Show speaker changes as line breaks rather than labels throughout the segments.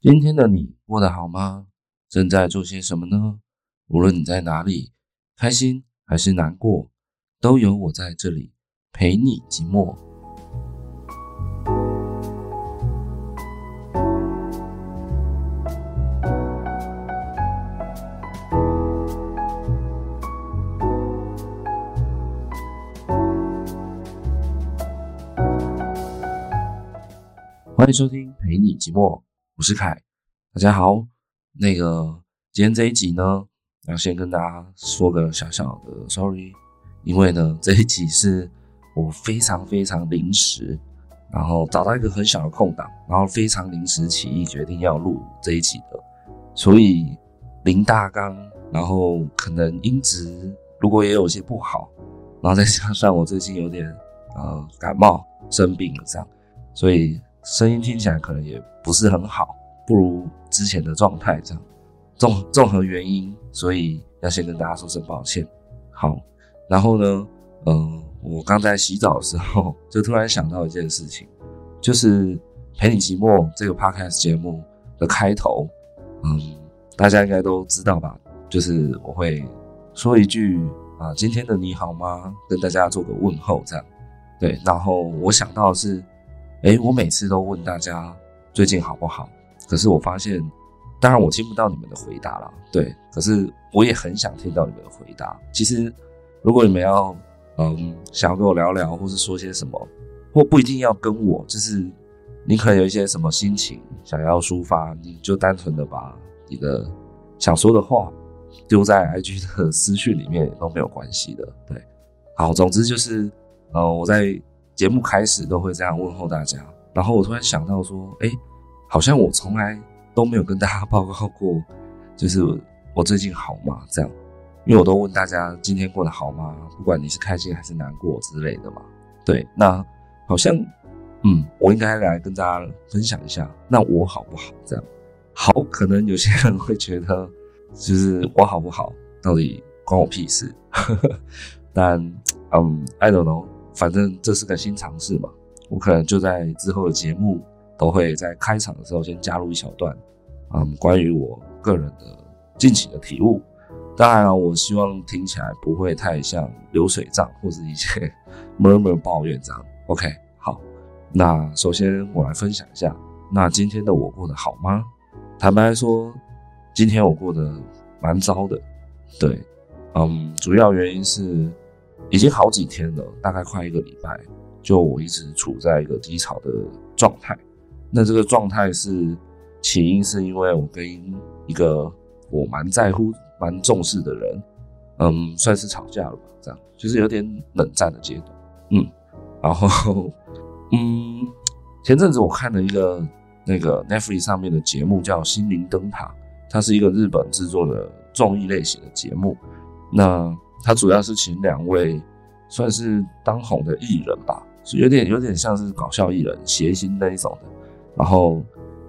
今天的你過得好嗎？正在做些什麼呢？無論你在哪裡，開心還是難過，都有我在這裡陪你寂寞。歡迎收聽《陪你寂寞》。我是凱，大家好。那個今天這一集呢，要先跟大家說個小小的 sorry，因為呢這一集是我非常非常臨時，然後找到一個很小的空檔，然後非常臨時起意決定要錄這一集的，所以零大綱，然後可能音質如果也有些不好，然後再加上我最近有點呃感冒生病了這樣，所以聲音聽起來可能也不是很好。不如之前的狀態這樣，綜綜合原因，所以要先跟大家說聲抱歉。好，然後呢，嗯，我剛在洗澡的時候就突然想到一件事情，就是陪你寂寞這個 podcast 節目的開頭，嗯，大家應該都知道吧，就是我會說一句啊，今天的你好嗎？跟大家做個問候這樣。對，然後我想到的是，欸，我每次都問大家最近好不好。可是我發現，當然我聽不到你們的回答了。對，可是我也很想聽到你們的回答。其實，如果你們要，嗯，想要跟我聊聊，或是說些什麼，或不一定要跟我，就是你可能有一些什麼心情想要抒發，你就單純的把你的想說的話丟在 IG 的私訊裡面都沒有關係的。對，好，總之就是，呃，我在節目開始都會這樣問候大家。然後我突然想到說，哎、欸。好像我從來都沒有跟大家報告過，就是我最近好嗎？這樣，因為我都問大家今天過得好嗎？不管你是開心還是難過之類的嘛。對，那好像，嗯，我應該來跟大家分享一下，那我好不好？這樣，好，可能有些人會覺得，就是我好不好，到底關我屁事。呵呵，但，嗯，I don't know，反正這是個新嘗試嘛，我可能就在之後的節目。都會在開場的時候先加入一小段，嗯，關於我個人的近期的體悟。當然了，我希望聽起來不會太像流水賬或者一些 murmur 抱怨這樣，OK，好，那首先我來分享一下，那今天的我過得好嗎？坦白說，今天我過得蠻糟的。對，嗯，主要原因是已經好幾天了，大概快一個禮拜，就我一直處在一個低潮的狀態。那這個狀態是起因，是因為我跟一個我蠻在乎、蠻重視的人，嗯，算是吵架了吧，這樣，就是有點冷戰的階段，嗯，然後，嗯，前陣子我看了一個那個 Netflix 上面的節目，叫《心靈燈塔》，它是一個日本制作的綜藝類型的節目，那它主要是請兩位算是當紅的藝人吧，是有點有點像是搞笑藝人諧星那一種的。然後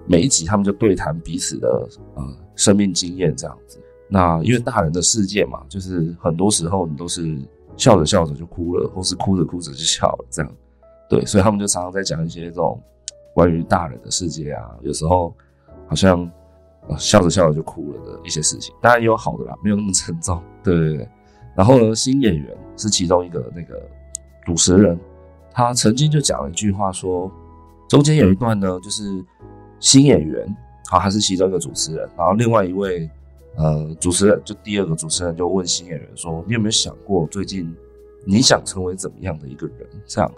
每一集他們就對談彼此的呃生命經驗這樣子。那因為大人的世界嘛，就是很多時候你都是笑着笑着就哭了，或是哭着哭着就笑了這樣。對，所以他們就常常在講一些這種關於大人的世界啊，有時候好像，呃，笑着笑着就哭了的一些事情。當然也有好的啦，沒有那麼沉重。對對對。然後呢，新演員是其中一個那個主持人，他曾經就講了一句話說。中間有一段呢，就是新演員，好、啊，他是其中一個主持人，然後另外一位，呃，主持人就第二個主持人就問新演員說：“你有沒有想過最近你想成為怎麼樣的一個人？”這樣，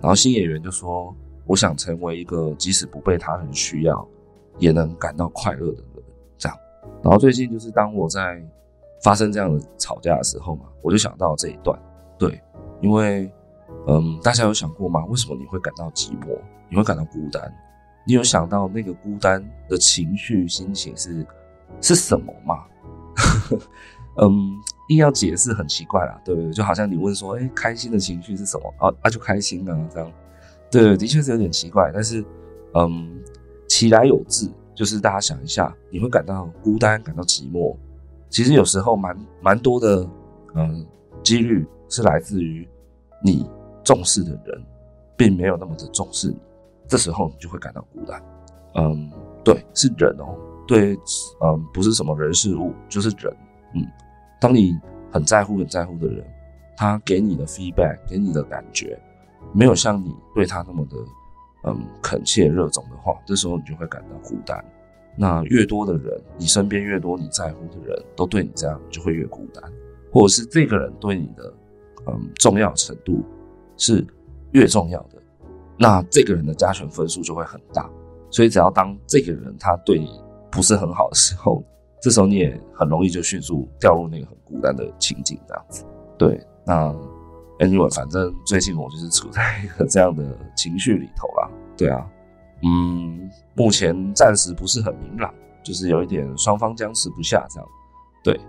然後新演員就說：“我想成為一個即使不被他人需要也能感到快樂的人。”這樣，然後最近就是當我在發生這樣的吵架的時候嘛，我就想到這一段，對，因為，嗯，大家有想過嗎？為什麼你會感到寂寞？你會感到孤單，你有想到那個孤單的情緒心情是是什麼嗎？ 嗯，硬要解釋很奇怪啦，對不對？就好像你問說：“哎、欸，開心的情緒是什麼？”啊，那、啊、就開心啊，這樣。對，對，的確是有點奇怪。但是，嗯，其來有自，就是大家想一下，你會感到孤單、感到寂寞，其實有時候蠻蠻多的，嗯，幾率是來自於你重視的人，並沒有那麼的重視你。這時候你就會感到孤單，嗯，對，是人哦，對，嗯，不是什麼人事物，就是人，嗯，當你很在乎、很在乎的人，他給你的 feedback、給你的感覺，沒有像你對他那麼的，嗯，懇切熱衷的話，這時候你就會感到孤單。那越多的人，你身邊越多你在乎的人，都對你這樣，就會越孤單，或者是這個人對你的，嗯，重要程度是越重要的。那這個人的加權分數就會很大，所以只要當這個人他對你不是很好的時候，這時候你也很容易就迅速掉入那個很孤單的情境這樣子。對，那 anyway，反正最近我就是處在一個這樣的情緒裡頭啦。對啊，嗯，目前暫時不是很明朗，就是有一點雙方僵持不下這樣子。對，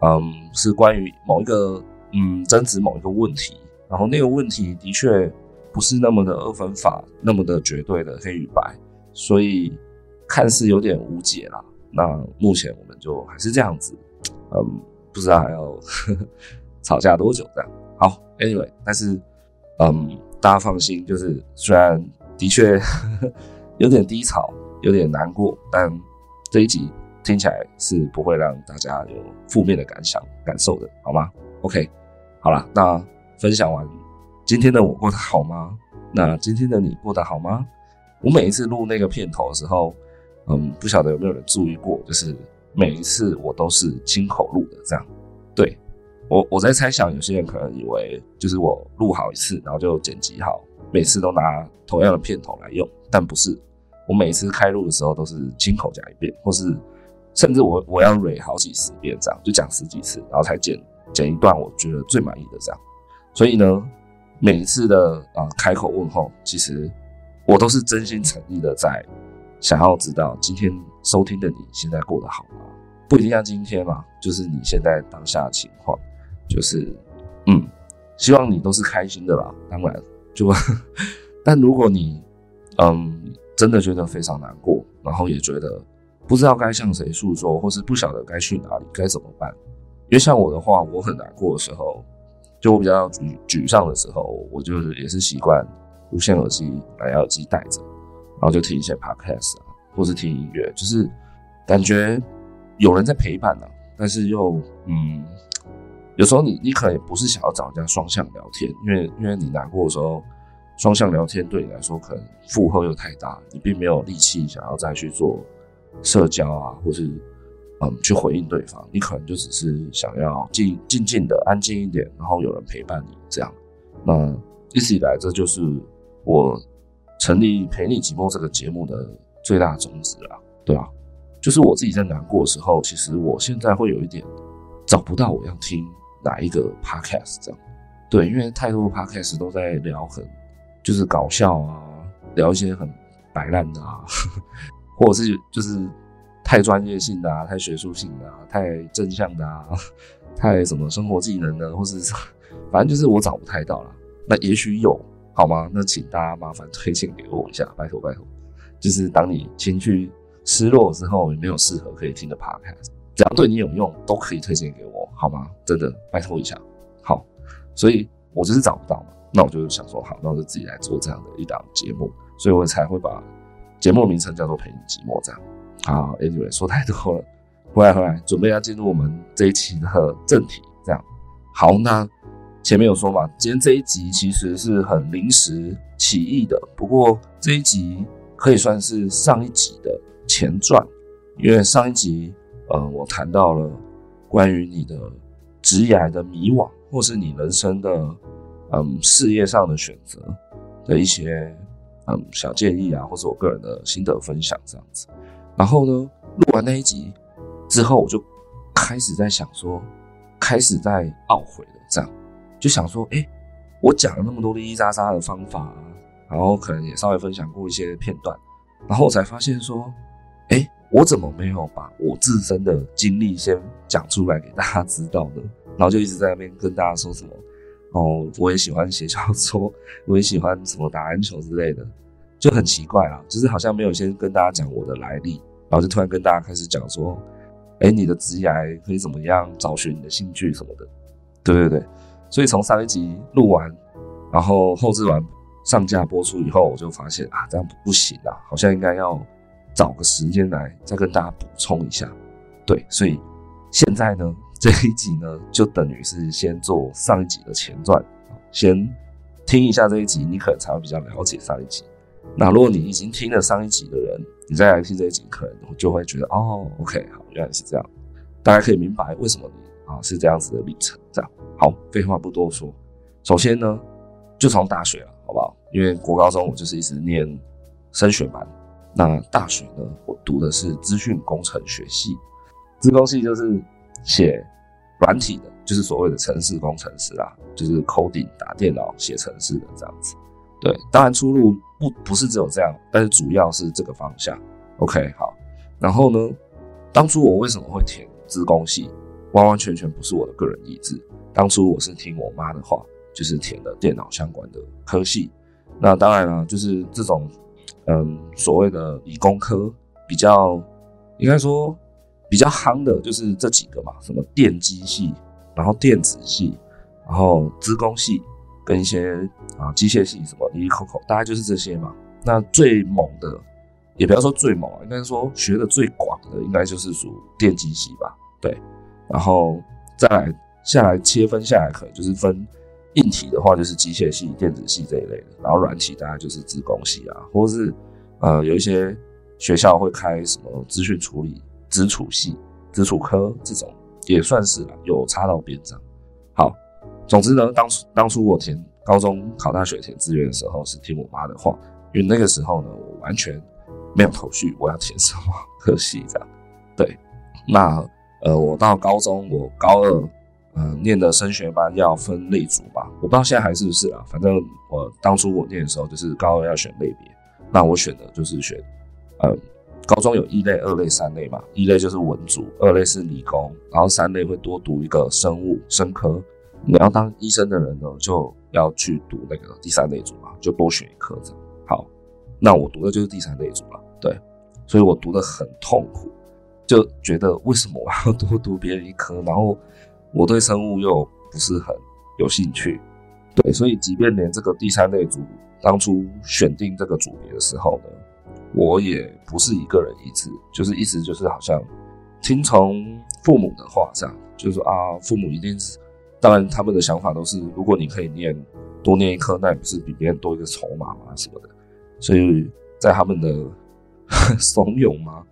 嗯，是關於某一個嗯爭執某一個問題，然後那個問題的確。不是那麼的二分法，那麼的絕對的黑與白，所以看似有點無解啦。那目前我們就還是這樣子，嗯，不知道還要 吵架多久這樣。好，Anyway，但是嗯，大家放心，就是雖然的確呵呵，有點低潮，有點難過，但這一集聽起來是不會讓大家有負面的感想感受的，好嗎？OK，好啦，那分享完。今天的我過得好嗎？那今天的你過得好嗎？我每一次錄那個片頭的時候，嗯，不曉得有沒有人注意過，就是每一次我都是親口錄的，這樣。對，我，我在猜想，有些人可能以為就是我錄好一次，然後就剪輯好，每次都拿同樣的片頭來用，但不是。我每一次開錄的時候都是親口講一遍，或是甚至我我要 re 好幾十遍，這樣就講十幾次，然後才剪剪一段我覺得最滿意的這樣。所以呢？每一次的啊、呃、開口問候，其實我都是真心誠意的，在想要知道今天收聽的你現在過得好嗎？不一定像今天嘛，就是你現在當下的情況，就是嗯，希望你都是開心的啦。當然就，就但如果你嗯真的覺得非常難過，然後也覺得不知道該向誰訴說，或是不曉得該去哪裡該怎麼辦，因為像我的話，我很難過的時候。就我比較沮沮喪的時候，我就也是習慣無線耳機、藍牙耳機帶着，然後就聽一些 podcast 啊，或是聽音樂，就是感覺有人在陪伴啊，但是又嗯，有時候你你可能不是想要找人家雙向聊天，因為因為你難過的時候，雙向聊天對你來說可能負荷又太大，你並沒有力氣想要再去做社交啊，或是。嗯，去回應對方，你可能就只是想要靜靜靜的安靜一點，然後有人陪伴你這樣。那一直以來，這就是我成立《陪你寂寞》這個節目的最大宗旨了，對啊，就是我自己在難過的時候，其實我現在會有一點找不到我要聽哪一個 Podcast 這樣。對，因為太多的 Podcast 都在聊很就是搞笑啊，聊一些很擺爛的啊呵呵，或者是就是。太專業性的啊，太學術性的啊，太正向的啊，太什麼生活技能的，或是啥，反正就是我找不太到了。那也許有，好嗎？那請大家麻煩推薦給我一下，拜託拜託。就是當你情緒失落之後，你沒有適合可以聽的 podcast，只要對你有，有用都可以推薦給我，好嗎？真的拜託一下。好，所以我就是找不到嘛，那我就想說，好，那我就自己來做這樣的一檔節目，所以我才會把節目名稱叫做《陪你寂寞》這樣。好，Anyway，說太多了，回來回來，準備要進入我們這一期的正題。這樣，好，那前面有說嘛，今天這一集其實是很臨時起意的，不過這一集可以算是上一集的前傳，因為上一集，嗯、呃，我談到了關於你的職涯的迷惘，或是你人生的，嗯、呃，事業上的選擇的一些，嗯、呃，小建議啊，或是我個人的心得分享，這樣子。然後呢，錄完那一集之後，我就開始在想說，開始在懊悔了。這樣就想說，哎，我講了那麼多零零雜雜的方法，然後可能也稍微分享過一些片段，然後我才發現說，哎，我怎麼沒有把我自身的經歷先講出來給大家知道呢？然後就一直在那邊跟大家說什麼，哦，我也喜歡寫小說，我也喜歡什麼打籃球之類的。就很奇怪啊，就是好像沒有先跟大家講我的來歷，然後就突然跟大家開始講說：“哎、欸，你的職涯可以怎麼樣？找尋你的興趣什麼的。”對對對，所以從上一集錄完，然後後製完上架播出以後，我就發現啊，這樣不行啊，好像應該要找個時間來再跟大家補充一下。對，所以現在呢，這一集呢就等於是先做上一集的前傳，先聽一下這一集，你可能才會比較了解上一集。那如果你已經聽了上一集的人，你再來聽這一集，可能我就會覺得哦，OK，好，原來是這樣，大家可以明白為什麼你啊是這樣子的歷程，這樣。好，廢話不多說，首先呢，就從大學了，好不好？因為國高中我就是一直念升學班，那大學呢，我讀的是資訊工程學系，資工系就是寫軟體的，就是所謂的程式工程師啦，就是 coding 打電腦寫程式的這樣子。對，當然出路不不是只有這樣，但是主要是這個方向。OK，好。然後呢，當初我為什麼會填資工系？完完全全不是我的個人意志。當初我是聽我媽的話，就是填了電腦相關的科系。那當然了，就是這種，嗯、呃，所謂的理工科比較，應該說比較夯的，就是這幾個嘛，什麼電機系，然後電子系，然後資工系。跟一些啊機械系什麼，依依口口，大概就是這些嘛。那最猛的，也不要說最猛啊，應該說學的最廣的應該就是屬電機系吧。對，然後再來下來切分下來，可以，可能就是分硬體的話，就是機械系、電子系這一類的。然後軟體大概就是資工系啊，或者是呃有一些學校會開什麼資訊處理、資處系、資處科這種，也算是有插到邊章。好。總之呢，當初當初我填高中考大學填志願的時候是聽我媽的話，因為那個時候呢，我完全沒有頭緒我要填什麼科系這樣。對，那呃我到高中我高二，嗯、呃、念的升學班要分類組吧，我不知道現在還是不是啊，反正我當初我念的時候就是高二要選類別，那我選的就是選，呃高中有一類、二類、三類嘛，一類就是文組，二類是理工，然後三類會多讀一個生物生科。你要當醫生的人呢，就要去讀那個第三類組嘛，就多選一科的。好，那我讀的就是第三類組了。對，所以我讀得很痛苦，就覺得為什麼我要多讀別人一科？然後我對生物又不是很有興趣。對，所以即便連這個第三類組當初選定這個組別的時候呢，我也不是一個人一次，就是一直就是好像聽從父母的話，這樣就是說啊，父母一定是。當然，他們的想法都是，如果你可以念多念一科，那也不是比別人多一個籌碼嘛、什麼的。所以在他們的慫恿嘛？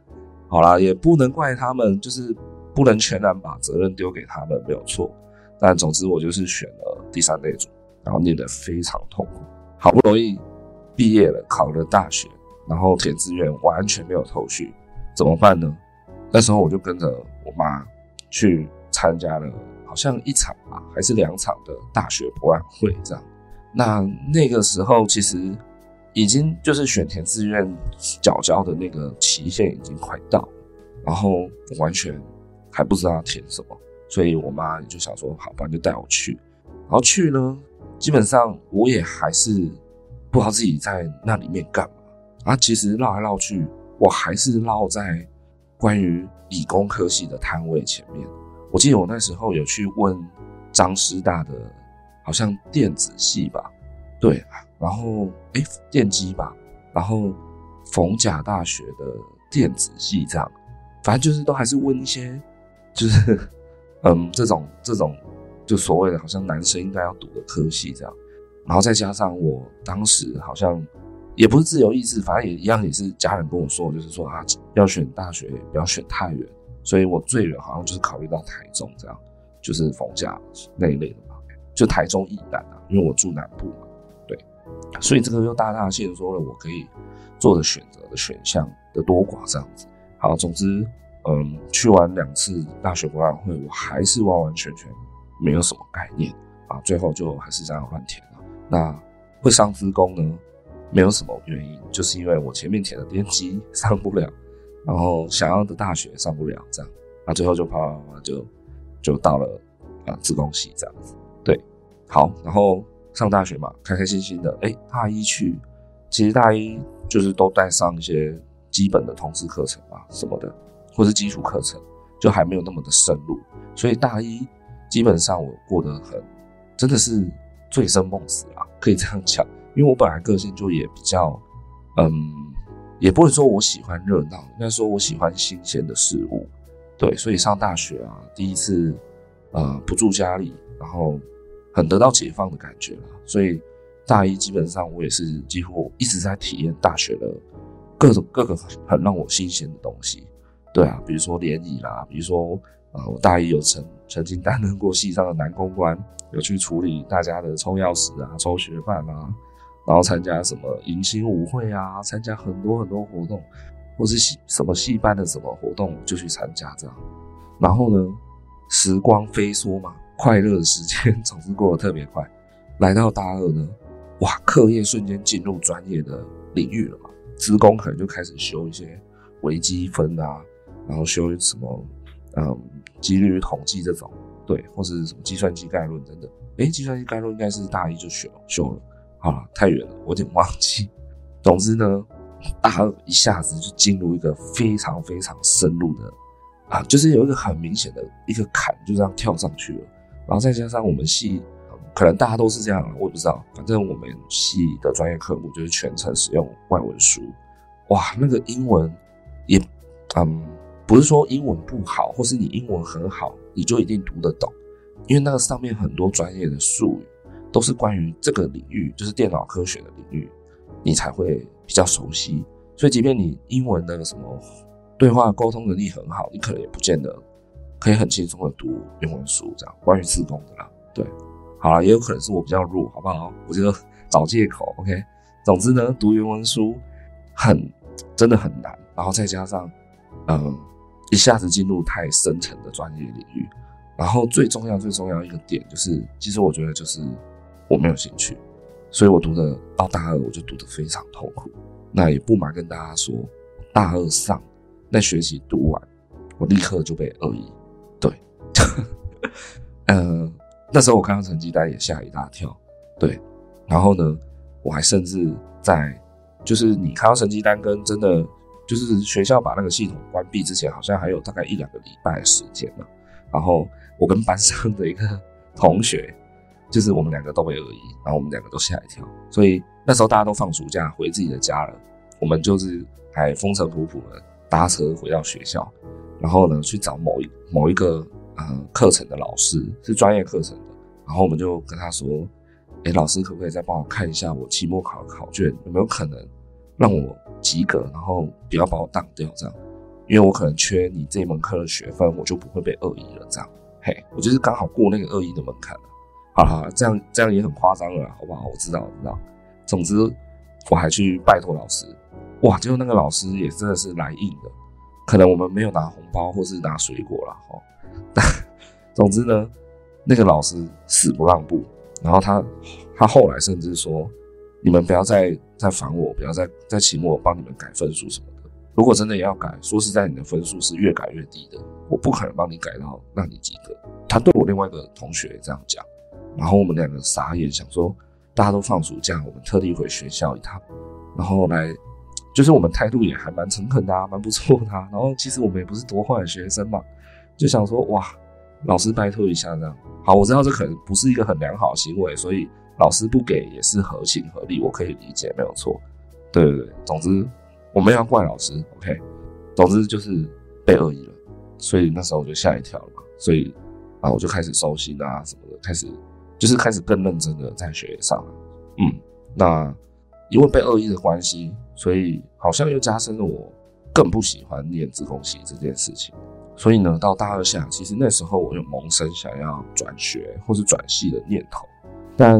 好啦，也不能怪他們，就是不能全然把責任丟給他們，沒有錯。但總之，我就是選了第三類組，然後念得非常痛苦，好不容易畢業了，考了大學，然後填志願完全沒有頭緒，怎麼辦呢？那時候我就跟着我媽去參加了。好像一場吧，還是兩場的大學博覽會這樣。那那個時候其實已經就是選填志願繳交的那個期限已經快到，然後我完全還不知道填什麼，所以我媽就想說，好吧，就帶我去。然後去呢，基本上我也還是不知道自己在那裡面幹嘛啊。其實繞來繞去，我還是繞在關於理工科系的攤位前面。我記得我那時候有去問，張師大的好像電子系吧，對啊，然後誒、欸，電機吧，然後逢甲大學的電子系這樣，反正就是都還是問一些，就是嗯這種這種就所謂的好像男生應該要讀的科系這樣，然後再加上我當時好像也不是自由意志，反正也一樣也是家人跟我說，就是說啊要選大學不要選太遠。所以我最遠好像就是考慮到台中這樣，就是逢甲那一類的嘛，就台中以南啊，因為我住南部嘛，對，所以這個又大大限縮了我可以做的選擇的選項的多寡這樣子。好，總之，嗯，去完兩次大學博覽會，我還是完完全全沒有什麼概念啊，最後就還是這樣亂填了啊。那會上資工呢，沒有什麼原因，就是因為我前面填的電機上不了。然後想要的大學上不了，這樣，那最後就啪啪啪，就，就到了，啊資工系，這樣子，對，好，然後上大學嘛，開開心心的，哎，大一去，其實大一就是都在上一些基本的通識課程啊什麼的，或是基礎課程，就還沒有那麼的深入，所以大一基本上我過得很，真的是醉生夢死啊，可以這樣講，因為我本來個性就也比較，嗯。也不會說我喜歡熱鬧，應該說我喜歡新鮮的事物。對，所以上大學啊，第一次，呃，不住家裡，然後很得到解放的感覺了。所以大一基本上我也是幾乎一直在體驗大學的各種各個很讓我新鮮的東西。對啊，比如說聯誼啦，比如說啊、呃，我大一有曾曾經擔任過系上的男公關，有去處理大家的抽鑰匙啊、抽學伴啊。然後參加什麼迎新舞會啊，參加很多很多活動，或是系什麼系班的什麼活動就去參加這樣。然後呢，時光飛梭嘛，快樂的時間總是過得特別快。來到大二呢，哇，課業瞬間進入專業的領域了嘛。資工可能就開始修一些微積分啊，然後修一些什麼嗯，機率統計這種，對，或是什麼計算機概論等等。哎，計算機概論應該是大一就修修了。好、啊、了，太遠了，我有點忘記。總之呢，大、啊、一下子就進入一個非常非常深入的，啊，就是有一個很明顯的一個坎，就這樣跳上去了。然後再加上我們系、嗯，可能大家都是這樣，我也不知道。反正我們系的專業科目就是全程使用外文書，哇，那個英文也，嗯，不是說英文不好，或是你英文很好，你就一定讀得懂，因為那個上面很多專業的術語。都是關於這個領域，就是電腦科學的領域，你才會比較熟悉。所以，即便你英文的什麼對話溝通能力很好，你可能也不見得可以很輕鬆的讀原文書。這樣關於自工的啦，對，好啦，也有可能是我比較弱，好不好？我就找借口。OK，總之呢，讀原文書很真的很難。然後再加上，嗯，一下子進入太深層的專業領域。然後最重要、最重要一個點就是，其實我覺得就是。我沒有興趣，所以我讀的到、哦、大二我就讀的非常痛苦。那也不瞞跟大家說，大二上那學期讀完，我立刻就被二一，對，嗯、 呃，那時候我看到成績單也嚇一大跳，對。然後呢，我還甚至在，就是你看到成績單跟真的，就是學校把那個系統關閉之前，好像還有大概一兩個禮拜的時間嘛。然後我跟班上的一個同學。就是我們兩個都被二一，然後我們兩個都嚇一跳。所以那時候大家都放暑假回自己的家了，我們就是還風塵僕僕的搭車回到學校，然後呢去找某一某一個呃課程的老師，是專業課程的。然後我們就跟他說：“哎、欸，老師可不可以再幫我看一下我期末考的考卷，有沒有可能讓我及格，然後不要把我當掉這樣？因為我可能缺你這門課的學分，我就不會被二一了這樣。嘿，我就是剛好過那個二一的門檻了。”啊，這樣這樣也很誇張了，好不好？我知道，我知道。總之，我還去拜託老師，哇，結果那個老師也真的是來硬的，可能我們沒有拿紅包或是拿水果啦，哦，但總之呢，那個老師死不讓步，然後他他後來甚至說：“你們不要再再煩我，不要再再請我幫你們改分數什麼的。如果真的也要改，說實在，你的分數是越改越低的，我不可能幫你改到讓你及格。”他對我另外一個同學也這樣講。然後我們兩個傻眼，想說大家都放暑假，我們特地回學校一趟。然後來，就是我們態度也還蠻誠懇的啊，蠻不錯的啊，然後其實我們也不是多壞的學生嘛，就想說哇，老師拜托一下這樣。好，我知道這可能不是一個很良好的行為，所以老師不給也是合情合理，我可以理解，沒有錯。對對對，總之我沒有要怪老師，OK。總之就是被二一了，所以那時候我就嚇一跳嘛。所以啊，然後我就開始收心啊什麼的，開始。就是開始更認真的在學業上了，嗯，那因為被二一的關係，所以好像又加深了我更不喜歡念資工系這件事情。所以呢，到大二下，其實那時候我有萌生想要轉學或是轉系的念頭。但，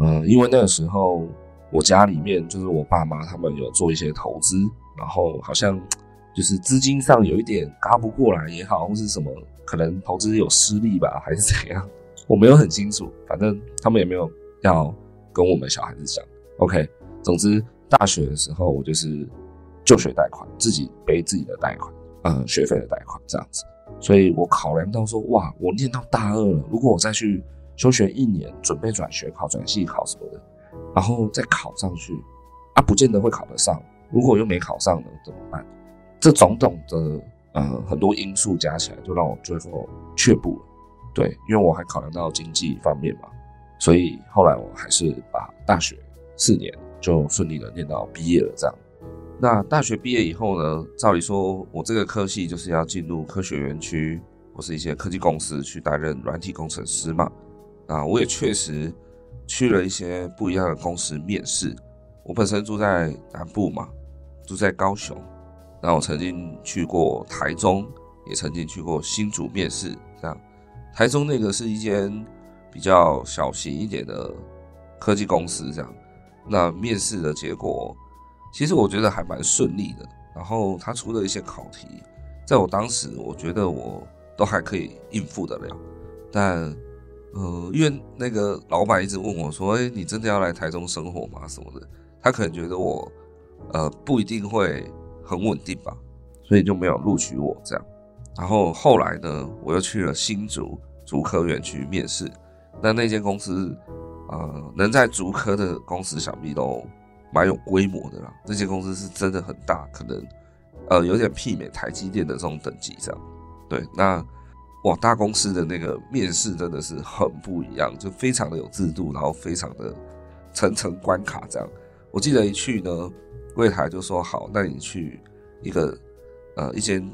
嗯，因為那個時候我家裡面就是我爸媽他們有做一些投資，然後好像就是資金上有一點軋不過來也好，或是什麼可能投資有失利吧，還是怎樣。我沒有很清楚，反正他們也沒有要跟我們小孩子講。OK，總之大學的時候我就是就學貸款，自己背自己的貸款，呃，學費的貸款這樣子。所以我考量到說，哇，我念到大二了，如果我再去休學一年，準備轉學考轉系考什麼的，然後再考上去，啊，不見得會考得上。如果又沒考上呢，怎麼辦？這種種的呃很多因素加起來，就讓我最後卻步了。對，因為我還考量到經濟方面嘛，所以後來我還是把大學四年就順利的念到畢業了，這樣。那大學畢業以後呢，照理說，我這個科系就是要進入科學園區或是一些科技公司去擔任軟體工程師嘛。啊，我也確實去了一些不一樣的公司面試。我本身住在南部嘛，住在高雄，那我曾經去過台中，也曾經去過新竹面試。台中那個是一間比較小型一點的科技公司，這樣。那面試的結果，其實我覺得還蠻順利的。然後他出了一些考題，在我當時，我覺得我都還可以應付得了。但呃，因為那個老闆一直問我說：“哎，你真的要來台中生活嗎？什麼的？”他可能覺得我呃不一定會很穩定吧，所以就沒有錄取我這樣。然後後來呢，我又去了新竹竹科園區面試。那那間公司，呃，能在竹科的公司想必都蠻有規模的啦，那間公司是真的很大，可能，呃，有點媲美台積電的這種等級這樣。對，那哇，大公司的那個面試真的是很不一樣，就非常的有制度，然後非常的層層關卡這樣。我記得一去呢，櫃檯就說好，那你去一個呃一間。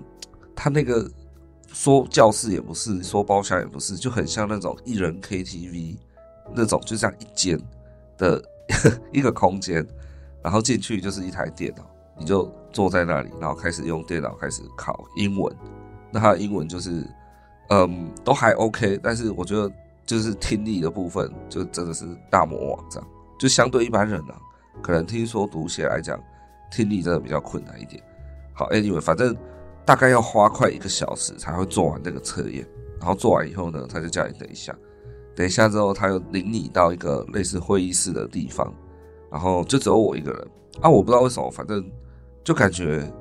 他那個說教室也不是，說包廂也不是，就很像那種一人 KTV 那種，就像一間的一個空間，然後進去就是一台電腦，你就坐在那裡，然後開始用電腦開始考英文。那他的英文就是，嗯，都還 OK，但是我覺得就是聽力的部分就真的是大魔王這樣，就相對一般人呢，啊，可能聽說讀寫來講，聽力真的比較困難一點。好，Anyway，反正。大概要花快一個小時才會做完那個測驗，然後做完以後呢，他就叫你等一下，等一下之後他又領你到一個類似會議室的地方，然後就只有我一個人啊，我不知道為什麼，反正就感覺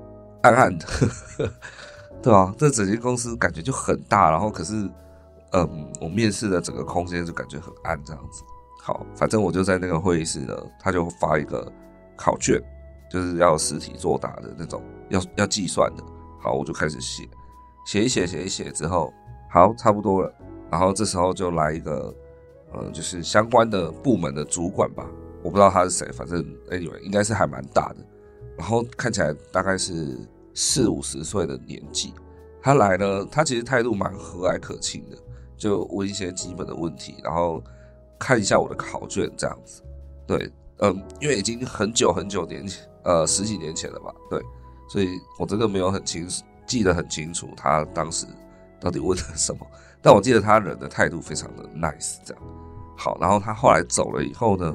暗暗的， 對啊，這整間公司感覺就很大，然後可是，嗯，我面試的整個空間就感覺很暗這樣子。好，反正我就在那個會議室呢，他就發一個考卷，就是要實體作答的那種，要要計算的。好，我就開始寫，寫一寫，寫一寫之後，好，差不多了。然後這時候就來一個，呃，就是相關的部門的主管吧，我不知道他是誰，反正 anyway 應該是還蠻大的。然後看起來大概是四五十歲的年紀，他來呢，他其實態度蠻和藹可親的，就問一些基本的問題，然後看一下我的考卷這樣子。對，嗯、呃，因為已經很久很久年前，呃，十幾年前了吧，對。所以我真的沒有很清楚記得很清楚，他當時到底問了什麼？但我記得他人的態度非常的 nice 這樣。好，然後他後來走了以後呢，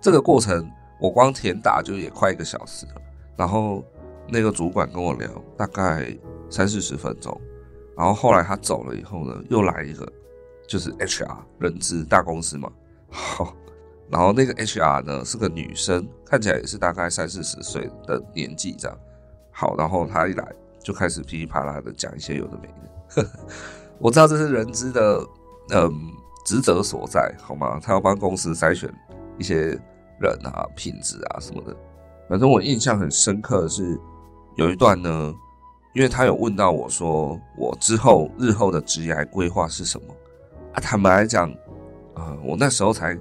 這個過程我光填答就也快一個小時了。然後那個主管跟我聊大概三四十分鐘。然後後來他走了以後呢，又來一個就是 HR 人資大公司嘛。好，然後那個 HR 呢是個女生，看起來也是大概三四十歲的年紀這樣。好，然後他一來就開始噼里啪啦的講一些有的沒的。呵呵，我知道這是人資的嗯職責所在，好嗎？他要幫公司篩選一些人啊，品質啊什麼的。反正我印象很深刻的是，有一段呢，因為他有問到我說我之後日後的職業規劃是什麼啊？坦白來講啊，我那時候才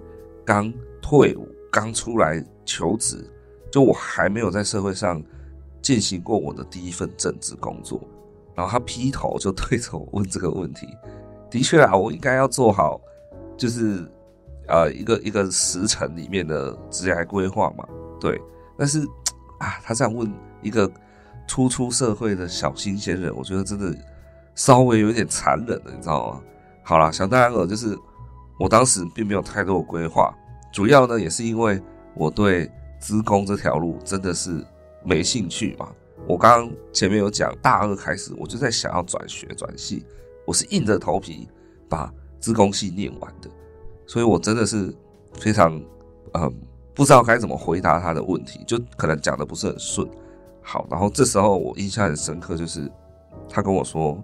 剛退伍，剛出來求職，就我還沒有在社會上。進行過我的第一份正職工作，然後他劈頭就對着我問這個問題。的確啊，我應該要做好，就是呃一個一個時辰裡面的職業規劃嘛，對。但是啊，他這樣問一個初出社會的小新鮮人，我覺得真的稍微有點殘忍了，你知道嗎？好了，想當然了，就是我當時並沒有太多的規劃，主要呢也是因為我對資工這條路真的是。沒興趣嘛？我剛剛前面有講，大二開始我就在想要轉學轉系，我是硬着頭皮把資工系念完的，所以我真的是非常嗯不知道該怎麼回答他的問題，就可能講的不是很順。好，然後這時候我印象很深刻，就是他跟我說：“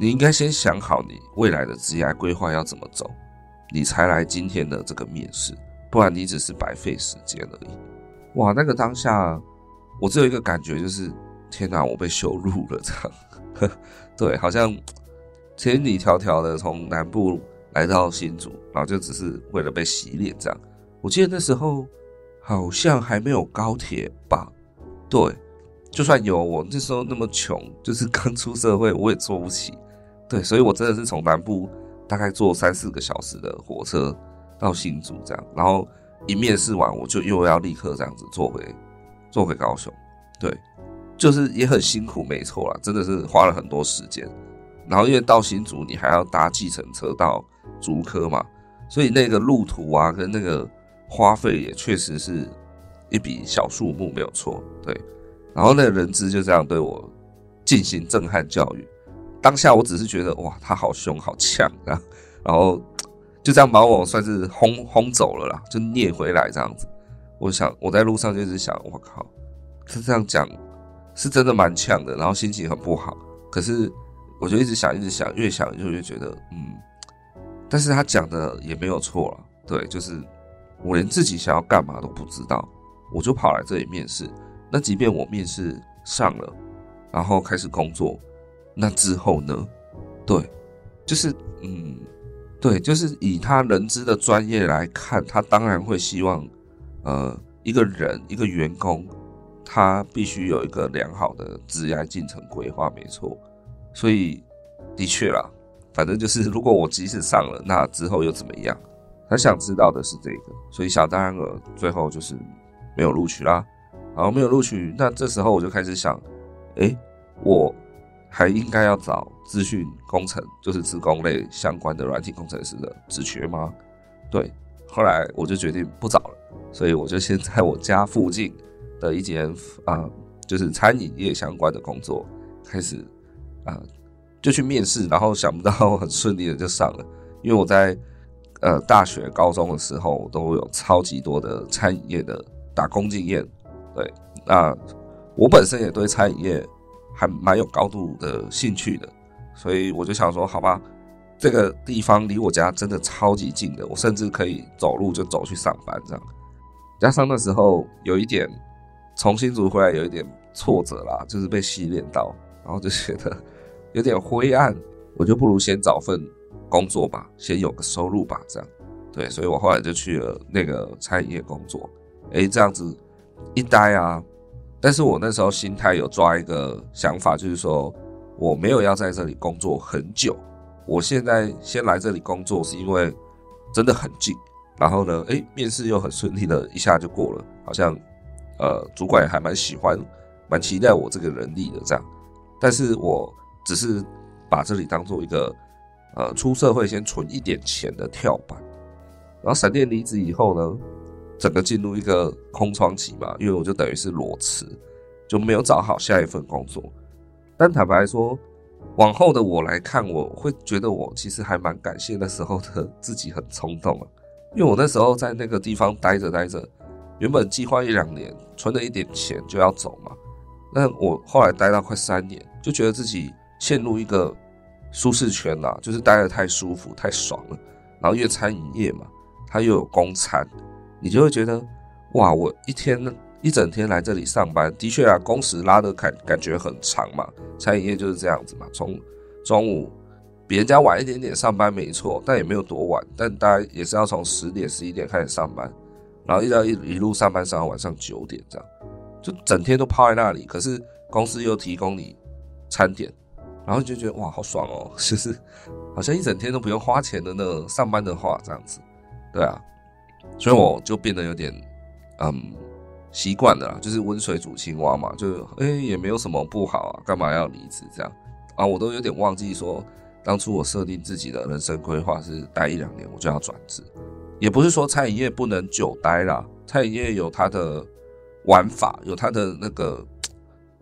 你應該先想好你未來的職業規劃要怎麼走，你才來今天的這個面試，不然你只是白費時間而已。”哇，那個當下。我只有一個感覺，就是天哪、啊，我被羞辱了這樣。 對，好像千里迢迢的從南部來到新竹，然後就只是為了被洗臉這樣。我記得那時候好像還沒有高鐵吧？對，就算有，我那時候那麼窮，就是剛出社會，我也坐不起。對，所以我真的是從南部大概坐三四個小時的火車到新竹這樣，然後一面試完，我就又要立刻這樣子坐回。做回高雄，對，就是也很辛苦，沒錯啦，真的是花了很多時間。然後因為到新竹，你還要搭計程車到竹科嘛，所以那個路途啊，跟那個花費也確實是一筆小數目，沒有錯。對，然後那個人資就這樣對我進行震撼教育，當下我只是覺得哇，他好凶好嗆啊，然後就這樣把我算是轟轟走了啦，就捏回來這樣子。我想我在路上就一直想，我靠，他這樣講，是真的蠻嗆的，然後心情很不好。可是我就一直想，一直想，越想就越覺得，嗯，但是他講的也沒有錯啦，對，就是我連自己想要幹嘛都不知道，我就跑來這裡面試。那即便我面試上了，然後開始工作，那之後呢？對，就是嗯，對，就是以他人資的專業來看，他當然會希望。呃，一個人一個員工，他必須有一個良好的職業進程規劃，沒錯。所以的確啦，反正就是如果我即使上了，那之後又怎麼樣？他想知道的是這個，所以小丹爾最後就是沒有錄取啦。然後沒有錄取，那這時候我就開始想，誒，我還應該要找資訊工程，就是資工類相關的軟體工程師的職缺嗎？對，後來我就決定不找了。所以我就先在我家附近的一間啊、呃，就是餐飲業相關的工作開始啊、呃，就去面試，然後想不到很順利的就上了。因為我在呃大學高中的時候都有超級多的餐飲業的打工經驗，對，那我本身也對餐飲業還蠻有高度的興趣的，所以我就想說，好吧，這個地方離我家真的超級近的，我甚至可以走路就走去上班這樣。加上那時候有一點重新讀回來有一點挫折啦，就是被洗練到，然後就覺得有點灰暗，我就不如先找份工作吧，先有個收入吧，這樣。對，所以我後來就去了那個餐飲業工作。誒、欸，這樣子一待啊，但是我那時候心態有抓一個想法，就是說我沒有要在這裡工作很久，我現在先來這裡工作是因為真的很近。然後呢，誒，面試又很順利的，一下就過了，好像，呃，主管也還蠻喜歡，蠻期待我這個能力的這樣。但是，我只是把這裡當做一個，呃，出社會先存一點錢的跳板。然後閃電離職以後呢，整個進入一個空窗期嘛，因為我就等於是裸辭，就沒有找好下一份工作。但坦白說，往後的我來看，我會覺得我其實還蠻感謝那時候的自己很衝動啊。因為我那時候在那個地方待着待着，原本計劃一兩年存了一點錢就要走嘛，那我後來待到快三年，就覺得自己陷入一個舒適圈了，就是待的太舒服太爽了。然後因為餐飲業嘛，它又有公餐，你就會覺得哇，我一天一整天來這裡上班，的確啊，工時拉的感感覺很長嘛，餐飲業就是這樣子嘛，從中午。比人家晚一點點上班沒錯，但也沒有多晚。但大家也是要從十點十一點開始上班，然後一直要一路上班上到晚上九點，這樣就整天都泡在那裡。可是公司又提供你餐點，然後你就覺得哇好爽哦，就是好像一整天都不用花錢的那個上班的話這樣子，對啊，
所以我
就變得有點嗯習慣了啦，就是溫水煮青蛙嘛。就哎、欸、也沒有什麼不好啊，幹嘛要離職這樣啊？我都有點忘記說。當初我設定自己的人生規劃是待一兩年我就要轉職，也不是說餐飲業不能久待啦，餐飲業有它的玩法，有它的那個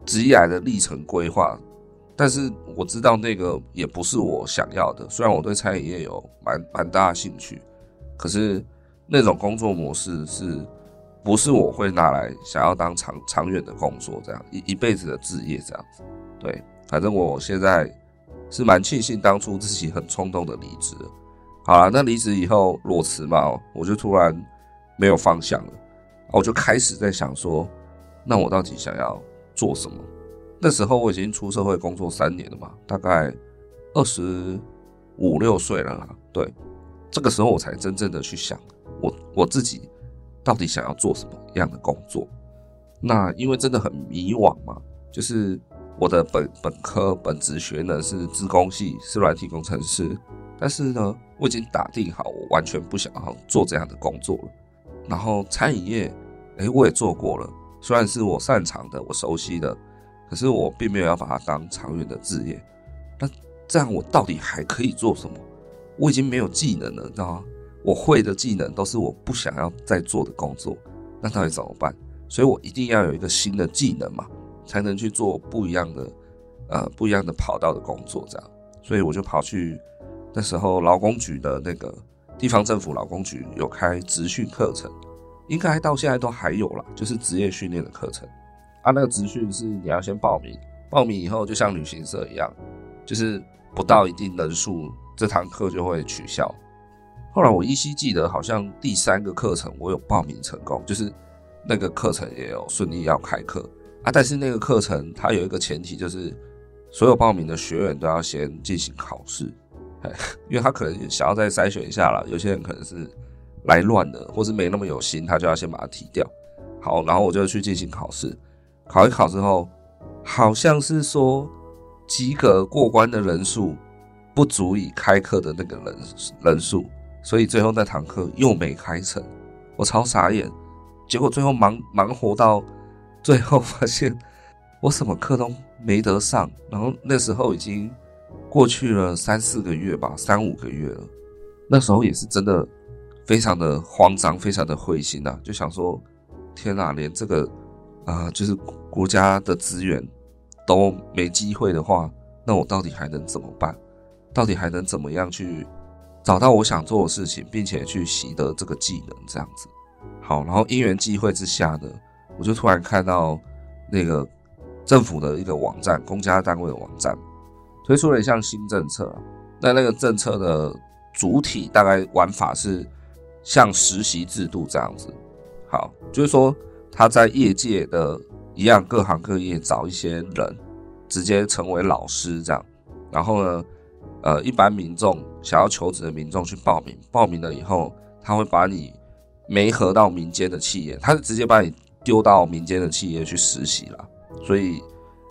職涯的歷程規劃，但是我知道那個也不是我想要的。雖然我對餐飲業有蠻蠻大的興趣，可是那種工作模式是不是我會拿來想要當長長遠的工作，這樣一一輩子的職業這樣子？對，反正我現在，是蠻慶幸當初自己很衝動的離職了。好啦，那離職以後裸辭嘛，我就突然沒有方向了，我就開始在想說，那我到底想要做什麼？那時候我已經出社會工作三年了嘛，大概二十五六歲了啦。對，這個時候我才真正的去想，我我自己到底想要做什麼樣的工作？那因為真的很迷惘嘛，就是。我的本本科本職學呢是資工系，是軟體工程師。但是呢，我已經打定好，我完全不想要做這樣的工作了。然後餐飲業，誒、欸，我也做過了，雖然是我擅長的，我熟悉的，可是我並沒有要把它當長遠的職業。那這樣我到底還可以做什麼？我已經沒有技能了，那我會的技能都是我不想要再做的工作。那到底怎麼辦？所以我一定要有一個新的技能嘛。才能去做不一樣的，呃，不一樣的跑道的工作，這樣。所以我就跑去那時候勞工局的那個地方政府勞工局有開職訓課程，應該到現在都還有啦，就是職業訓練的課程。啊，那個職訓是你要先報名，報名以後就像旅行社一樣，就是不到一定人數，這堂課就會取消。
後來我
依稀記得，好像第三個課程我有報名成功，就是那個課程也有順利要開課。啊！但是那個課程它有一個前提，就是所有報名的學員都要先進行考試，因為他可能想要再篩選一下啦，有些人可能是來亂的，或是沒那麼有心，他就要先把它踢掉。好，然後我就去進行考試，考一考之後，好像是說及格過關的人數不足以開課的那個人人數，所以最後那堂課又沒開成，我超傻眼。結果最後忙忙活到。最後發現，我什麼課都沒得上。然後那時候已經過去了三四個月吧，三五個月了。那時候也是真的非常的慌張，非常的灰心吶、啊。就想說，天哪、啊，連這個啊、呃，就是國家的資源都沒機會的話，那我到底還能怎麼辦？到底還能怎麼樣去找到我想做的事情，並且去習得這個技能？這樣子好。然後因緣際會之下呢，我就突然看到，那個政府的一個網站，公家單位的網站，推出了一項新政策、啊。那那個政策的主體大概玩法是像實習制度這樣子。好，就是說他在業界的，一樣各行各業找一些人，直接成為老師這樣。然後呢，呃，一般民眾想要求職的民眾去報名，報名了以後，他會把你媒合到民間的企業，他是直接把你，丟到民間的企業去實習啦，所以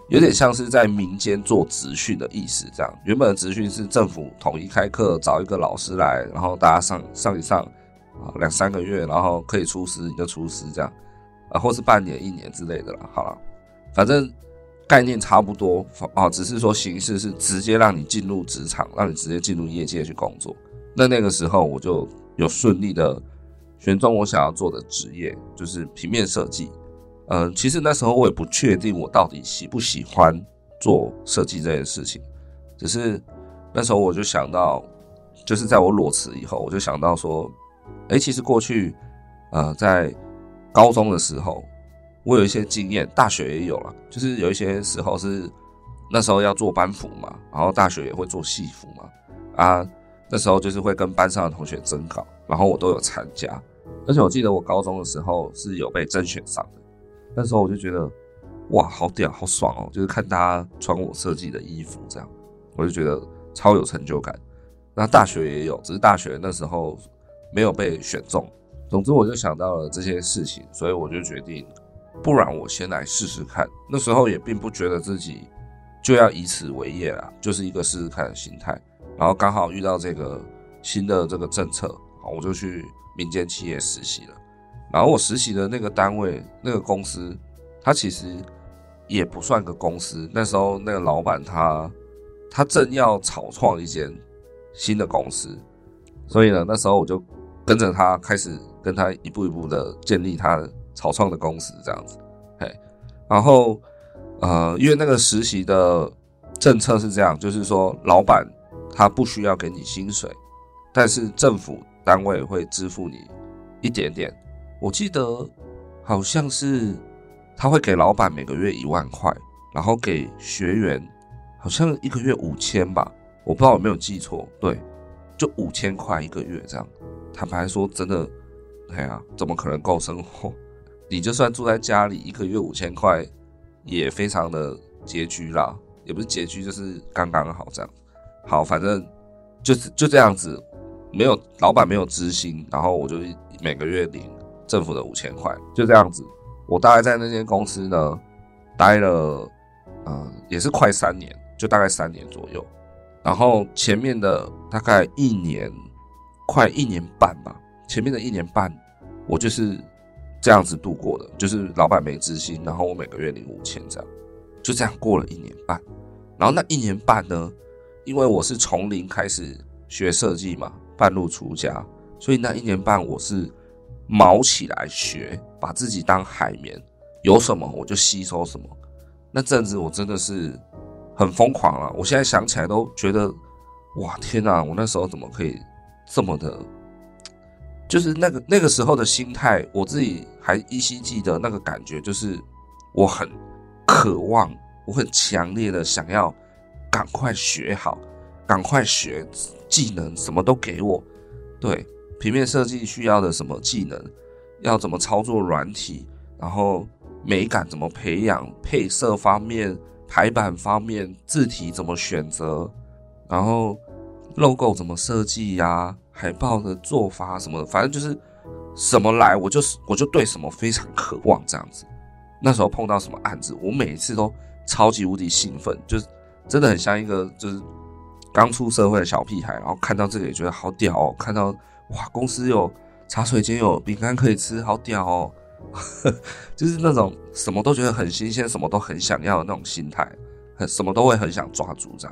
有點像是在民間做職訓的意思，這樣。原本的職訓是政府統一開課，找一個老師來，然後大家上上一上啊兩三個月，然後可以出師，你就出師這樣，啊或是半年一年之類的啦。好啦，反正概念差不多哦，只是說形式是直接讓你進入職場，讓你直接進入業界去工作。那那個時候我就有順利的。選中我想要做的職業就是平面設計，嗯、呃，其實那時候我也不確定我到底喜不喜歡做設計這件事情，只是那時候我就想到，就是在我裸辭以後，我就想到說，哎、欸，其實過去，呃，在高中的時候我有一些經驗，大學也有了，就是有一些時候是那時候要做班服嘛，然後大學也會做系服嘛，啊，那時候就是會跟班上的同學徵稿。然後我都有參加，而且我記得我高中的時候是有被甄選上的，那時候我就覺得，哇，好屌，好爽哦！就是看他穿我設計的衣服這樣，我就覺得超有成就感。那大學也有，只是大學那時候沒有被選中。總之，我就想到了這些事情，所以我就決定，不然我先來試試看。那時候也並不覺得自己就要以此為業啦，就是一個試試看的心態。然後剛好遇到這個新的這個政策。我就去民間企業實習了，然後我實習的那個單位，那個公司，它其實也不算個公司。那時候那個老闆他，他正要草創一間新的公司，所以呢，那時候我就跟着他，開始跟他一步一步的建立他草創的公司這樣子。哎，然後呃，因為那個實習的政策是這樣，就是說老闆他不需要給你薪水，但是政府單位會支付你一點點，我記得好像是他會給老闆每個月一萬塊，然後給學員好像一個月五千吧，我不知道有沒有記錯。對，就五千塊一個月這樣。坦白說，真的，哎呀，怎麼可能夠生活？你就算住在家裡，一個月五千塊也非常的拮据啦，也不是拮據，就是剛剛好這樣。好，反正就是就這樣子。沒有老闆沒有支薪，然後我就每個月領政府的五千塊，就這樣子。我大概在那間公司呢待了，呃，也是快三年，就大概三年左右。然後前面的大概一年，快一年半吧。前面的一年半，我就是這樣子度過的，就是老闆沒支薪，然後我每個月領五千這樣，就這樣過了一年半。然後那一年半呢，因為我是從零開始學設計嘛。半路出家，所以那一年半我是卯起來學，把自己當海綿，有什麼我就吸收什麼。那陣子我真的是很瘋狂了啊，我現在想起來都覺得，哇，天啊，我那時候怎麼可以這麼的？就是那個那個時候的心態，我自己還依稀記得那個感覺，就是我很渴望，我很強烈的想要趕快學好，趕快學。技能什麼都給我，對，平面設計需要的什麼技能，要怎麼操作軟體，然後美感怎麼培養，配色方面、排版方面、字體怎麼選擇，然後 logo 怎麼設計呀，海報的做法什麼的，反正就是什麼來，我就我就對什麼非常渴望這樣子。那時候碰到什麼案子，我每一次都超級無敵興奮，就是真的很像一個就是。剛出社會的小屁孩，然後看到這個也覺得好屌哦！看到哇，公司有茶水間有餅乾可以吃，好屌哦！ 就是那種什麼都覺得很新鮮，什麼都很想要的那種心態，很什麼都會很想抓住這樣。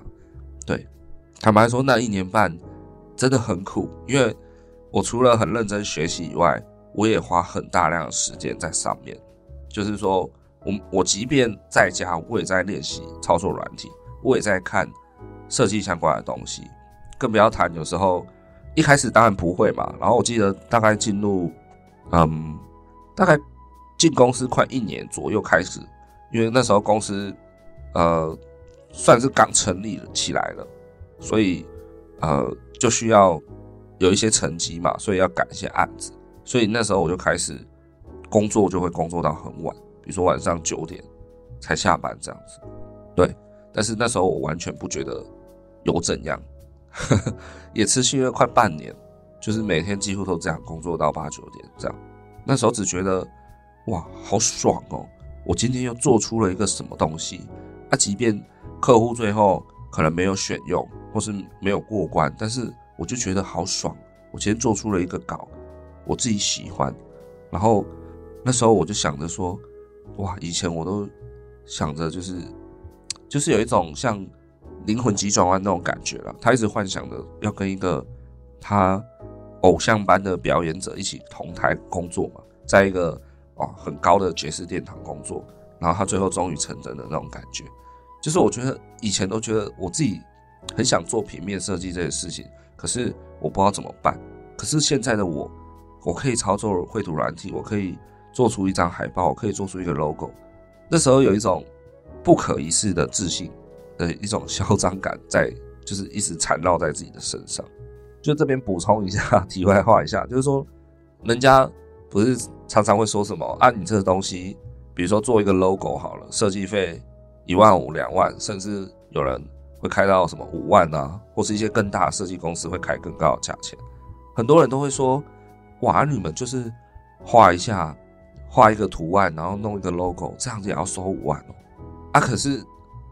對，坦白說，那一年半真的很苦，因為我除了很認真學習以外，我也花很大量的時間在上面。就是說，我我即便在家，我也在練習操作軟體，我也在看。設計相關的東西，更不要談。有時候一開始當然不會嘛。然後我記得大概進入，嗯，大概進公司快一年左右開始，因為那時候公司呃算是剛成立起來了，所以呃就需要有一些成績嘛，所以要趕一些案子。所以那時候我就開始工作，就會工作到很晚，比如說晚上九點才下班這樣子。對，但是那時候我完全不覺得。有怎樣， 也持續了快半年，就是每天幾乎都這樣工作到八九點這樣。那時候只覺得，哇，好爽哦！我今天又做出了一個什麼東西啊！即便客戶最後可能沒有選用，或是沒有過關，但是我就覺得好爽。我今天做出了一個稿，我自己喜歡。然後那時候我就想着說，哇，以前我都想着就是，就是有一種像靈魂急轉彎那種感覺了。他一直幻想着要跟一個他偶像般的表演者一起同台工作嘛，在一個啊、哦、很高的爵士殿堂工作。然後他最後終於成真的那種感覺，就是我覺得以前都覺得我自己很想做平面設計這件事情，可是我不知道怎麼辦。可是現在的我，我可以操作繪圖軟體，我可以做出一張海報，我可以做出一個 logo。那時候有一種不可一世的自信。的一種囂張感在，就是一直纏繞在自己的身上。就這邊補充一下，題外話一下，就是說，人家不是常常會說什麼啊？你這個東西，比如說做一個 logo 好了，設計費一萬五、兩萬，甚至有人會開到什麼五萬啊，或是一些更大的設計公司會開更高的價錢。很多人都會說，哇，你們就是畫一下，畫一個圖案，然後弄一個 logo，這樣子也要收五萬哦？啊，可是。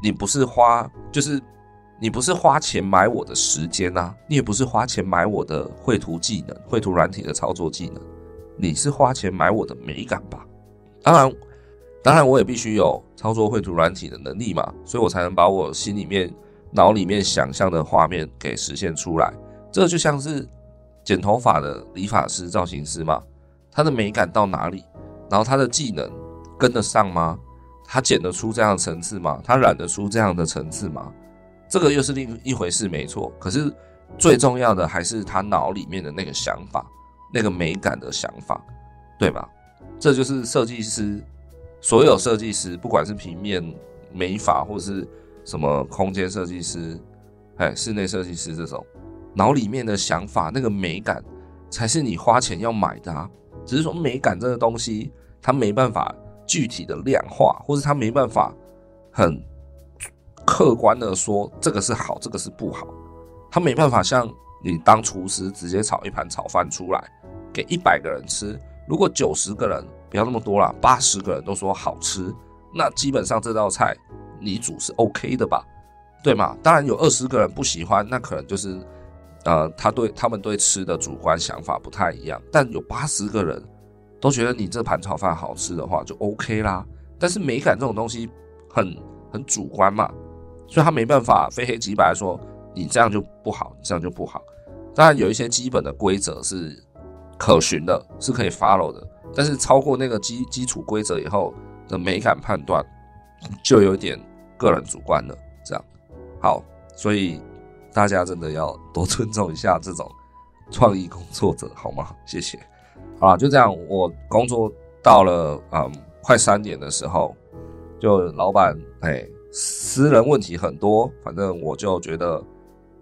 你不是花，就是你不是花錢買我的時間吶、啊，你也不是花錢買我的繪圖技能、繪圖軟體的操作技能，你是花錢買我的美感吧？當然，當然，我也必須有操作繪圖軟體的能力嘛，所以我才能把我心裡面、腦裡面想象的畫面給實現出來。這個、就像是剪頭髮的理髮師、造型師嘛，他的美感到哪裡？然後他的技能跟得上嗎？他剪得出這樣的層次嗎？他染得出這樣的層次嗎？這個又是另一回事，沒錯。可是最重要的還是他腦裡面的那個想法，那個美感的想法，對吧？這就是設計師，所有設計師，不管是平面美法或者是什麼空間設計師，哎，室內設計師這種，腦裡面的想法，那個美感，才是你花錢要買的啊。只是說美感這個東西，他沒辦法。具體的量化，或是他沒辦法很客觀的說這個是好，這個是不好，他沒辦法像你當廚師直接炒一盤炒飯出來給一百個人吃，如果九十個人不要那麼多啦，八十個人都說好吃，那基本上這道菜你煮是 OK 的吧，對嗎？當然有二十個人不喜歡，那可能就是呃他對他們對吃的主觀想法不太一樣，但有八十個人都覺得你這盤炒飯好吃的話，就 OK 啦。但是美感這種東西很很主觀嘛，所以他沒辦法非黑即白說你這樣就不好，你這樣就不好。當然有一些基本的規則是可循的，是可以 follow 的。但是超過那個基基礎規則以後的美感判斷，就有點個人主觀了，這樣。好，所以大家真的要多尊重一下這種創意工作者，好嗎？謝謝。啊，就這樣，我工作到了，嗯，快三點的時候，就老闆，哎，私人問題很多，反正我就覺得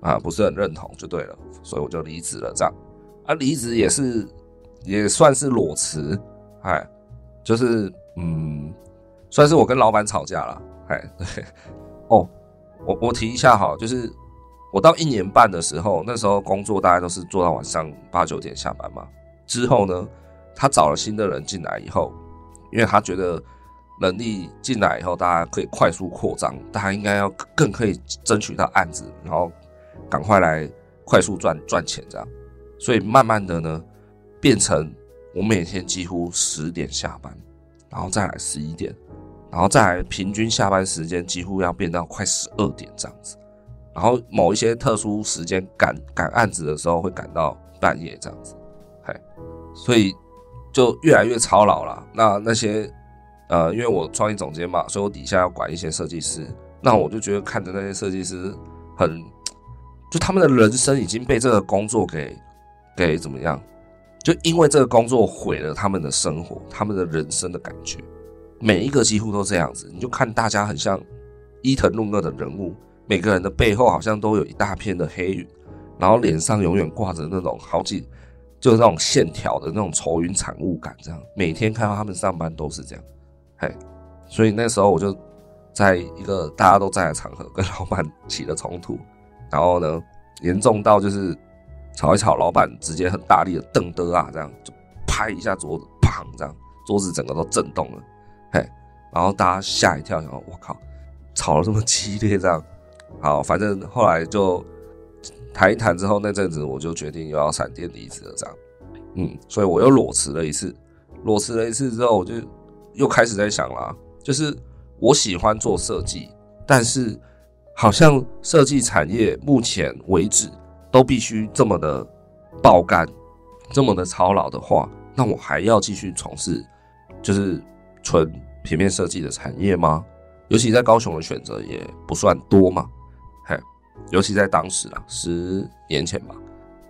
啊不是很認同就對了，所以我就離職了這樣。啊，離職也是，也算是裸辭，哎，就是，嗯，算是我跟老闆吵架了，哎，對，哦，我我提一下哈，就是我到一年半的時候，那時候工作大概都是做到晚上八九點下班嘛。之後呢，他找了新的人進來以後，因為他覺得能力進來以後，大家可以快速擴張，大家應該要更可以爭取到案子，然後趕快來快速賺賺錢這樣。所以慢慢的呢，變成我每天幾乎十點下班，然後再來十一點，然後再來平均下班時間幾乎要變到快十二點這樣子，然後某一些特殊時間趕趕案子的時候會趕到半夜這樣子。所以就越來越操勞了。那那些呃，因為我創意總監嘛，所以我底下要管一些設計師。那我就覺得看着那些設計師，很就他們的人生已經被這個工作給給怎麼樣？就因為這個工作毀了他們的生活，他們的人生的感覺。每一個幾乎都這樣子。你就看大家很像伊藤潤二的人物，每個人的背後好像都有一大片的黑雲，然後臉上永遠掛着那種好幾。就是那種線條的那種愁雲慘霧感，這樣每天看到他們上班都是這樣，嘿，所以那時候我就在一個大家都在的場合跟老闆起了衝突，然後呢，嚴重到就是吵一吵，老闆直接很大力的瞪得啊，這樣就拍一下桌子，砰這樣桌子整個都震動了，嘿，然後大家嚇一跳想，然後我靠，吵得這麼激烈這樣，好，反正後來就。談一談之後，那陣子我就決定又要閃電離職了，這樣，嗯，所以我又裸辭了一次。裸辭了一次之後，我就又開始在想啦，就是我喜歡做設計，但是好像設計產業目前為止都必須這麼的爆肝，這麼的操勞的話，那我還要繼續從事就是純平面設計的產業嗎？尤其在高雄的選擇也不算多嘛。尤其在當時啊，十年前吧，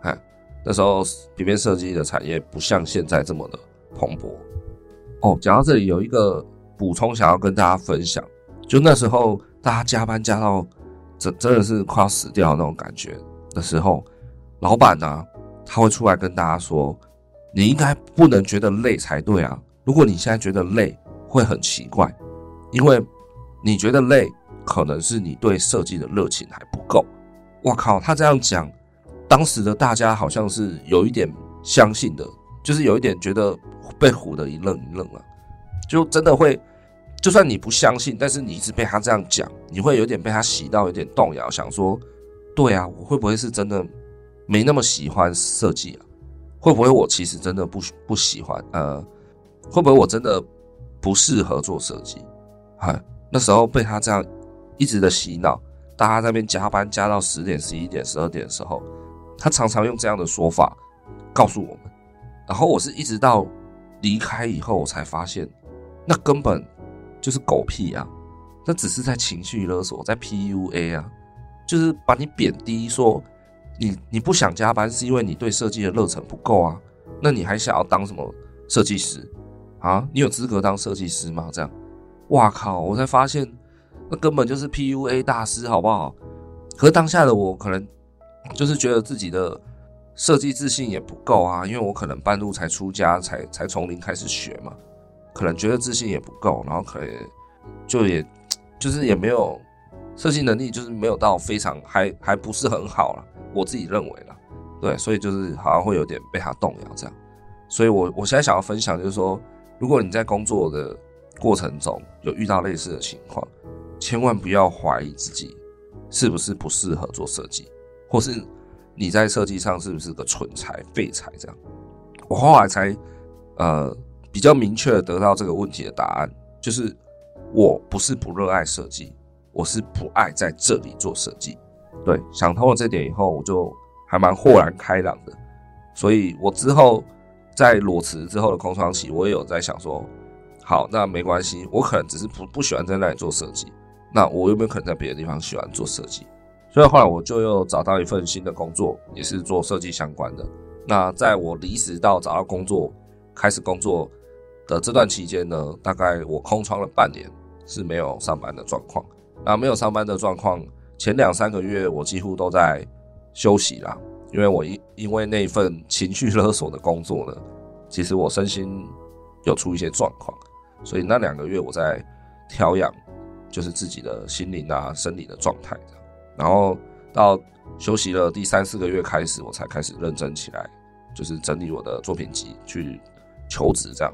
哎，那時候平面設計的產業不像現在這麼的蓬勃。哦，講到這裡有一個補充，想要跟大家分享，就那時候大家加班加到真真的是快要死掉那種感覺的時候，老闆呢，啊，他會出來跟大家說：“你應該不能覺得累才對啊，如果你現在覺得累，會很奇怪，因為你覺得累。”可能是你對設計的熱情還不夠。我靠，他這樣講，當時的大家好像是有一點相信的，就是有一點覺得被唬得一愣一愣了啊。就真的會，就算你不相信，但是你一直被他這樣講，你會有點被他洗到，有點動搖，想說，對啊，我會不會是真的沒那麼喜歡設計啊？會不會我其實真的不不喜歡？呃，會不會我真的不適合做設計？嗨，那時候被他這樣。一直的洗腦，大家在那邊加班加到十點、十一點、十二點的時候，他常常用這樣的說法告訴我們。然後我是一直到離開以後，我才發現，那根本就是狗屁呀！那只是在情緒勒索，在 PUA 啊，就是把你貶低說你你不想加班是因為你對設計的熱忱不夠啊。那你還想要當什麼設計師啊？你有資格當設計師嗎？這樣，哇靠！我才發現。那根本就是 PUA 大師，好不好？可是當下的我可能就是覺得自己的設計自信也不夠啊，因為我可能半路才出家，才才從零開始學嘛，可能覺得自信也不夠，然後可能就也就是也沒有設計能力，就是沒有到非常還還不是很好了，我自己認為啦，對，所以就是好像會有點被他動搖這樣，所以我我現在想要分享就是說，如果你在工作的過程中有遇到類似的情況。千萬不要懷疑自己，是不是不適合做設計，或是你在設計上是不是個蠢材、廢材，這樣，我後來才呃比較明確的得到這個問題的答案，就是我不是不熱愛設計，我是不愛在這裡做設計。對，想通了這點以後，我就還蠻豁然開朗的。所以我之後在裸辭之後的空窗期，我也有在想說，好，那沒關係，我可能只是不不喜歡在那裡做設計。那我有沒有可能在別的地方喜歡做設計？所以後來我就又找到一份新的工作，也是做設計相關的。那在我離職到找到工作，開始工作的這段期間呢，大概我空窗了半年是沒有上班的狀況。那沒有上班的狀況，前兩三個月我幾乎都在休息啦，因為我因因為那一份情緒勒索的工作呢，其實我身心有出一些狀況，所以那兩個月我在調養。就是自己的心靈啊，生理的狀態這樣。然後到休息了第三四個月開始，我才開始認真起來，就是整理我的作品集去求職這樣。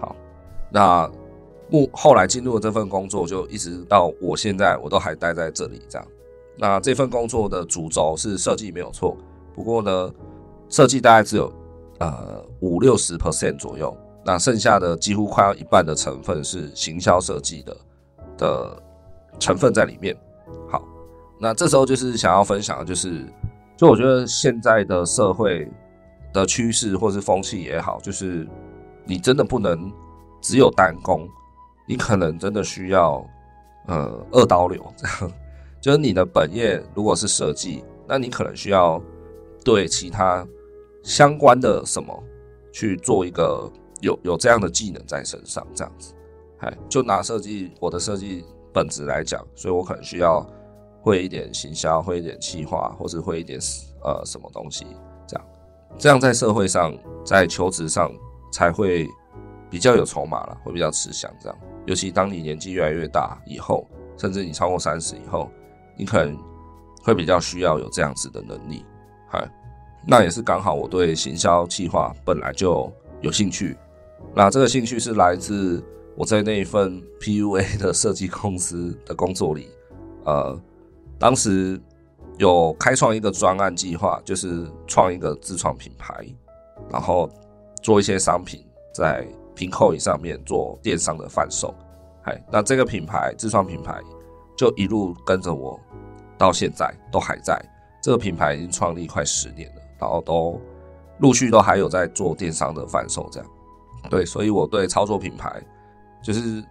好，那目後來進入了這份工作，就一直到我現在，我都還待在這裡這樣。那這份工作的主軸是設計沒有錯，不過呢，設計大概只有呃五六十 percent 左右，那剩下的幾乎快要一半的成分是行銷設計的。的成分在裡面。好，那這時候就是想要分享的，就是就我覺得現在的社會的趨勢或是風氣也好，就是你真的不能只有單工，你可能真的需要呃二刀流這樣。就是你的本業如果是設計，那你可能需要對其他相關的什麼去做一個有有這樣的技能在身上這樣子。哎，就拿設計我的設計本質來講，所以我可能需要會一點行銷，會一點企劃，或者會一點呃什麼東西，這樣，這樣在社會上，在求職上才會比較有籌碼了，會比較吃香。這樣，尤其當你年紀越來越大以後，甚至你超過三十以後，你可能會比較需要有這樣子的能力。那也是剛好我對行銷企劃本來就有興趣，那這個興趣是來自。我在那一份 PUA 的設計公司的工作裡，呃，當時有開創一個專案計劃，就是創一個自創品牌，然後做一些商品在 Pinkoi 上面做電商的販售。哎，那這個品牌自創品牌就一路跟着我到現在，都還在。這個品牌已經創立快十年了，然後都陸續都還有在做電商的販售，這樣。對，所以我對操作品牌。就是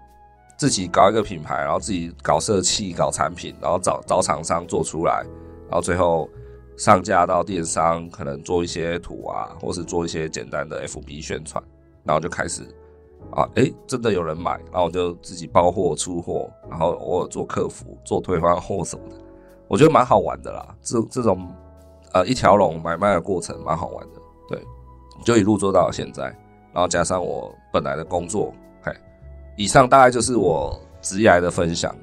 自己搞一個品牌，然後自己搞設計、搞產品，然後找找廠商做出來，然後最後上架到電商，可能做一些圖啊，或是做一些簡單的 FB 宣傳，然後就開始啊，誒，真的有人買，然後我就自己包貨出貨，然後偶爾做客服、做退換貨什麼的，我覺得蠻好玩的啦。這這種呃一條龍買賣的過程蠻好玩的，對，就一路做到了現在，然後加上我本來的工作。以上大概就是我一直以來的分享，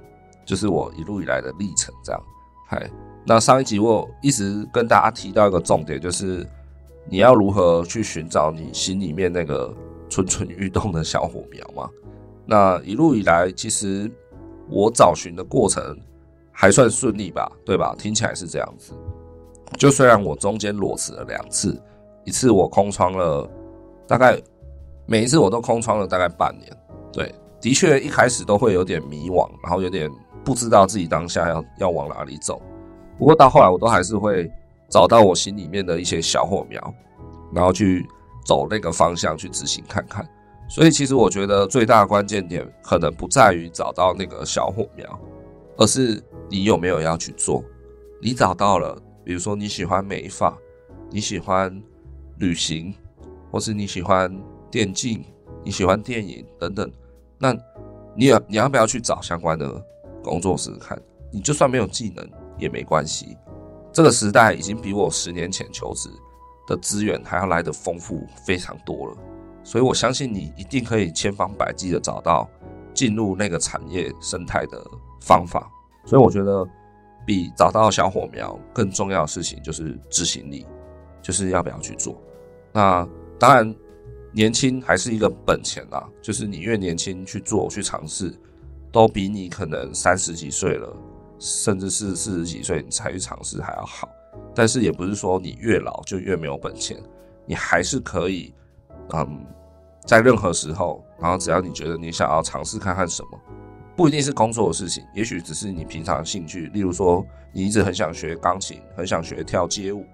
就是我一路以來的歷程，這樣。嗨，那上一集我一直跟大家提到一個重點，就是你要如何去尋找你心裡面那個蠢蠢欲動的小火苗嘛。那一路以來，其實我找尋的過程還算順利吧，對吧？聽起來是這樣子。就雖然我中間裸辭了兩次，一次我空窗了，大概每一次我都空窗了大概半年，對。的確，一開始都會有點迷惘，然後有點不知道自己當下要要往哪裡走。不過到後來，我都還是會找到我心裡面的一些小火苗，然後去走那個方向去執行看看。所以，其實我覺得最大的關鍵點可能不在於找到那個小火苗，而是你有沒有要去做。你找到了，比如說你喜歡美髮，你喜歡旅行，或是你喜歡電競，你喜歡電影等等。那，你要你要不要去找相關的工作試試看？你就算沒有技能也沒關係，這個時代已經比我十年前求職的資源還要來得豐富非常多了，所以我相信你一定可以千方百計的找到進入那個產業生態的方法。所以我覺得，比找到小火苗更重要的事情就是執行力，就是要不要去做。那當然。年輕還是一個本錢啦，就是你越年輕去做，去嘗試，都比你可能三十幾歲了，甚至是四十幾歲你才去嘗試還要好。但是也不是說你越老就越沒有本錢，你還是可以，嗯，在任何時候，然後只要你覺得你想要嘗試看看什麼，不一定是工作的事情，也許只是你平常的興趣，例如說你一直很想學鋼琴，很想學跳街舞，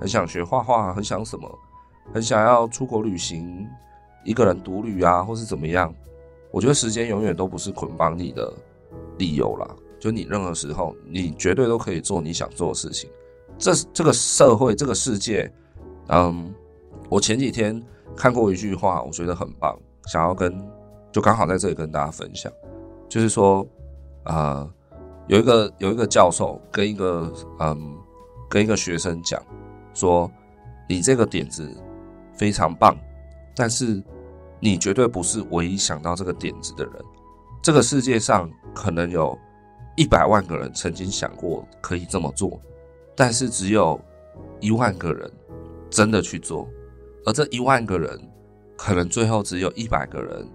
很想學畫畫，很想什麼。很想要出國旅行，一個人獨旅啊，或是怎麼樣？我覺得時間永遠都不是捆綁你的理由啦，就你任何時候，你絕對都可以做你想做的事情。這這個社會，這個世界，嗯，我前幾天看過一句話，我覺得很棒，想要跟，就剛好在這裡跟大家分享，就是說，啊、嗯，有一個有一個教授跟一個嗯跟一個學生講，說你這個點子，非常棒，但是你絕對不是唯一想到這個點子的人。這個世界上可能有一百萬個人曾經想過可以這麼做，但是只有一萬個人真的去做，而這一萬個人可能最後只有一百個人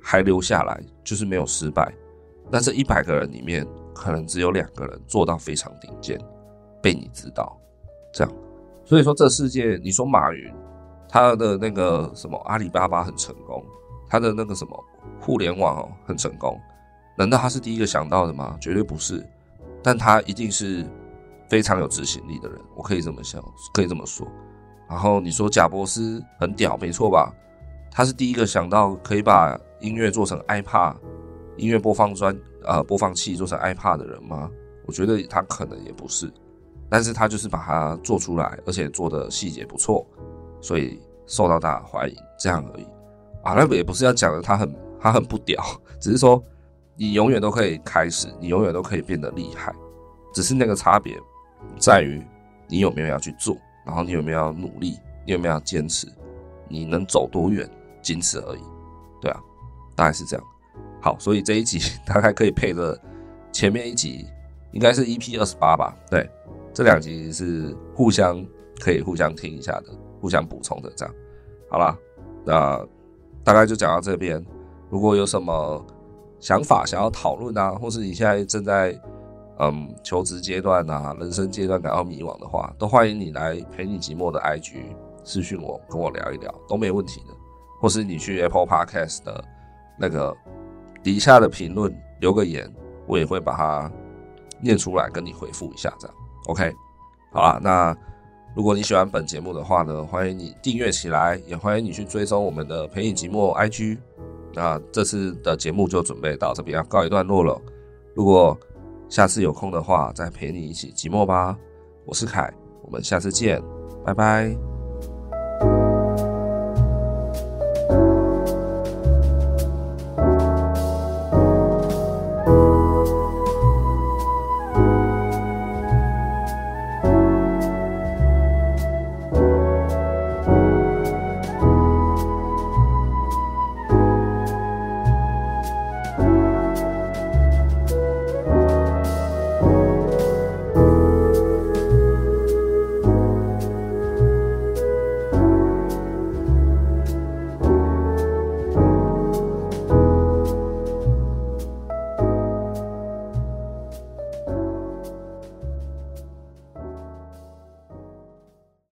還留下來，就是沒有失敗。但這一百個人裡面，可能只有兩個人做到非常頂尖，被你知道。這樣，所以說這世界，你說馬雲。他的那個什麼阿里巴巴很成功，他的那個什麼互聯網很成功，難道他是第一個想到的嗎？絕對不是，但他一定是非常有執行力的人，我可以這麼想，可以這麼說。然後你說賈伯斯很屌，沒錯吧？他是第一個想到可以把音樂做成 iPad 音樂播放專呃，播放器做成 iPad 的人嗎？我覺得他可能也不是，但是他就是把它做出來，而且做的細節不錯，所以。受到大家懷疑，這樣而已，啊，那個也不是要講的，他很他很不屌，只是說你永遠都可以開始，你永遠都可以變得厲害，只是那個差別在於你有沒有要去做，然後你有沒有要努力，你有沒有要堅持，你能走多遠，僅此而已，對啊，大概是這樣。好，所以這一集大概可以配著，前面一集應該是 EP 二十八吧，對，這兩集是互相可以互相聽一下的。互相補充的這樣，好了，那大概就講到這邊。如果有什麼想法想要討論啊，或是你現在正在嗯求職階段啊，人生階段感到迷惘的話，都歡迎你來陪你寂寞的 IG 私訊我，跟我聊一聊都沒問題的。或是你去 Apple Podcast 的那個底下的評論留個言，我也會把它念出來跟你回復一下。這樣 OK，好了，嗯，那。如果你喜歡本節目的話呢，歡迎你訂閱起來，也歡迎你去追蹤我們的陪你寂寞 IG。那這次的節目就準備到這邊要告一段落了。如果下次有空的話，再陪你一起寂寞吧。我是凱，我們下次見，拜拜。